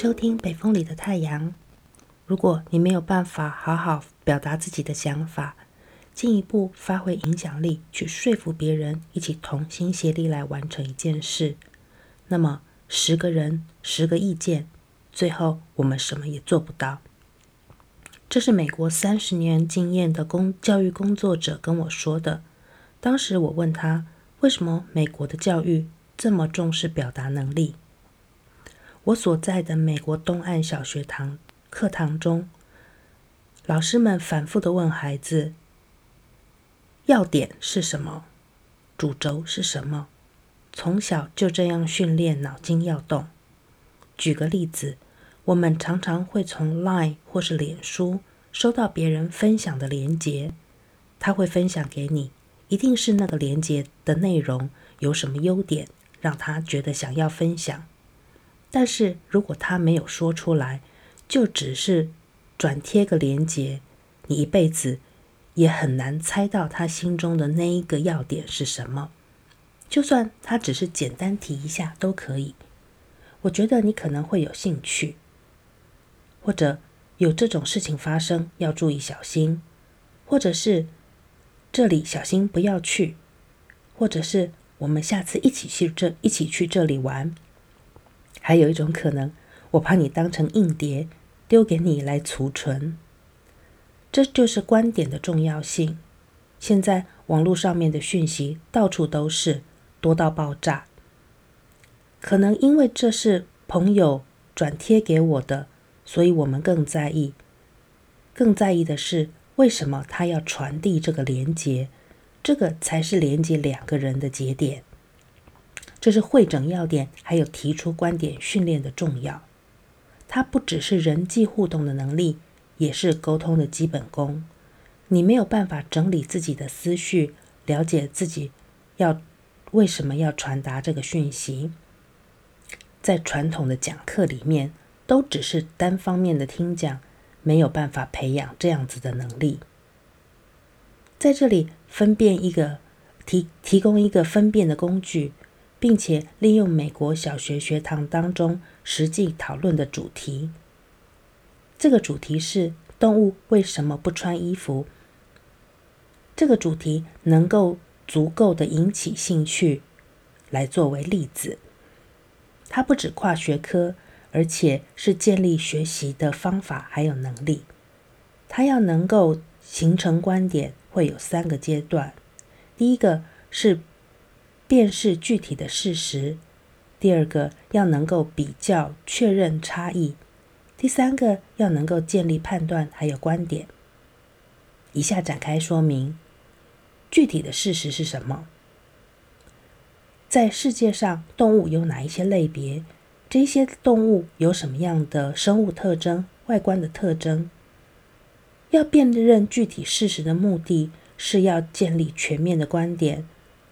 收聽北風裡的太陽。如果你沒有辦法好好表達自己的想法，進一步發揮影響力去說服別人，一起同心協力來完成一件事，那麼十個人、十個意見，最後我們什麼也做不到。這是美國三十年經驗的工教育工作者跟我說的。當時我問他，為什麼美國的教育這麼重視表達能力？我所在的美國東岸小學堂課堂中，老師們反覆地問孩子：“要點是什麼？主軸是什麼？”從小就這樣訓練腦筋要動。舉個例子，我們常常會從 Line 或是臉書收到別人分享的鏈接，他會分享給你，一定是那個鏈接的內容有什麼優點，讓他覺得想要分享。但是如果他沒有說出來，就只是轉貼個鏈接，你一輩子也很難猜到他心中的那一個要點是什麼？就算他只是簡單提一下都可以，我覺得你可能會有興趣，或者有這種事情發生要注意小心，或者是這裡小心不要去，或者是我們下次一起去這一起去這裡玩。還有一種可能，我把你當成硬碟丟給你來儲存，這就是觀點的重要性。現在網絡上面的訊息到處都是，多到爆炸。可能因為這是朋友轉貼給我的，所以我們更在意。更在意的是，為什麼他要傳遞這個連接？這個才是連接兩個人的節點。這是彙整要點，還有提出觀點訓練的重要。它不只是人際互動的能力，也是溝通的基本功。你沒有辦法整理自己的思緒，了解自己要為什麼要傳達這個訊息。在傳統的講課裡面，都只是單方面的聽講，沒有辦法培養這樣子的能力。在這裡，分辨一個提提供一個分辨的工具。並且利用美國小學學堂當中實際討論的主題，這個主題是動物為什麼不穿衣服？這個主題能夠足夠的引起興趣，來作為例子。它不只跨學科，而且是建立學習的方法還有能力。它要能夠形成觀點，會有三個階段。第一個是。辨識具體的事實，第二個要能夠比較確認差異，第三個要能夠建立判斷還有觀點。以下展開說明具體的事實是什麼？在世界上，動物有哪一些類別？這些動物有什麼樣的生物特徵、外觀的特徵？要辨認具體事實的目的是要建立全面的觀點。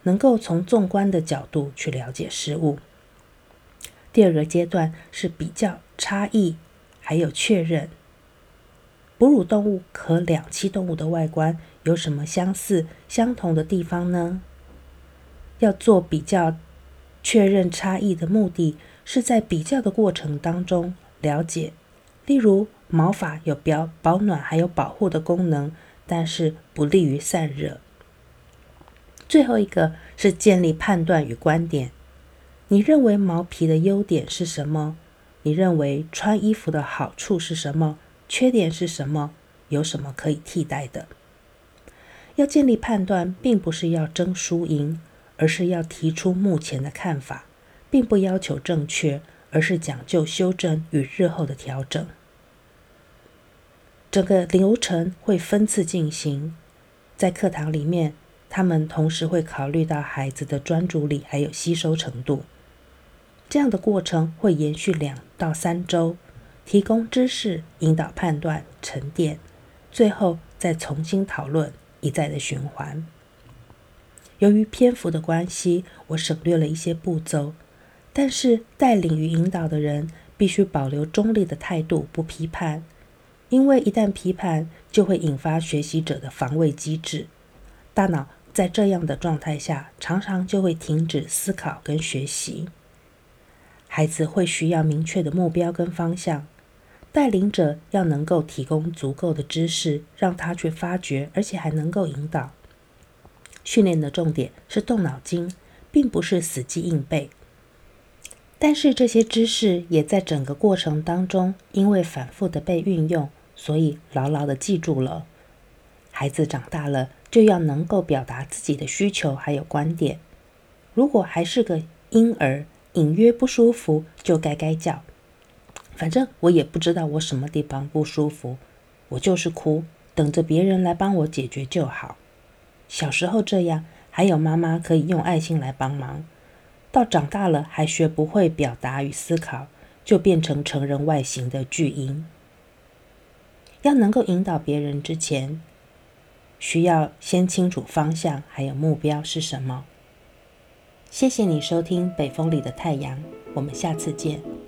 能夠從縱觀的角度去了解事物。第二個階段是比較差異，還有確認。哺乳動物和兩棲動物的外觀有什麼相似、相同的地方呢？要做比較、確認差異的目的，是在比較的過程當中了解。例如，毛髮有比較保暖還有保護的功能，但是不利於散熱。最後一個是建立判斷與觀點。你認為毛皮的優點是什麼？你認為穿衣服的好處是什麼？缺點是什麼？有什麼可以替代的？要建立判斷，並不是要爭輸贏，而是要提出目前的看法，並不要求正確，而是講究修正與日後的調整。整個流程會分次進行，在課堂裡面。他們同時會考慮到孩子的專注力還有吸收程度，這樣的過程會延續兩到三周，提供知識、引導判斷、沉澱，最後再重新討論，一再的循環。由於篇幅的關係，我省略了一些步驟，但是帶領與引導的人必須保留中立的態度，不批判，因為一旦批判，就會引發學習者的防衛機制，大腦。在這樣的狀態下，常常就會停止思考跟學習。孩子會需要明確的目標跟方向，帶領者要能夠提供足夠的知識，讓他去發掘，而且還能夠引導。訓練的重點是動腦筋，並不是死記硬背。但是這些知識也在整個過程當中，因為反覆的被運用，所以牢牢的記住了。孩子長大了。就要能夠表達自己的需求還有觀點。如果還是個嬰兒，隱約不舒服就該該叫。反正我也不知道我什麼地方不舒服，我就是哭，等着別人來幫我解決就好。小時候這樣，還有媽媽可以用愛心來幫忙。到長大了還學不會表達與思考，就變成成人外形的巨嬰。要能夠引導別人之前，需要先清楚方向，還有目標是什麼。謝謝你收聽《北風裡的太陽》，我們下次見。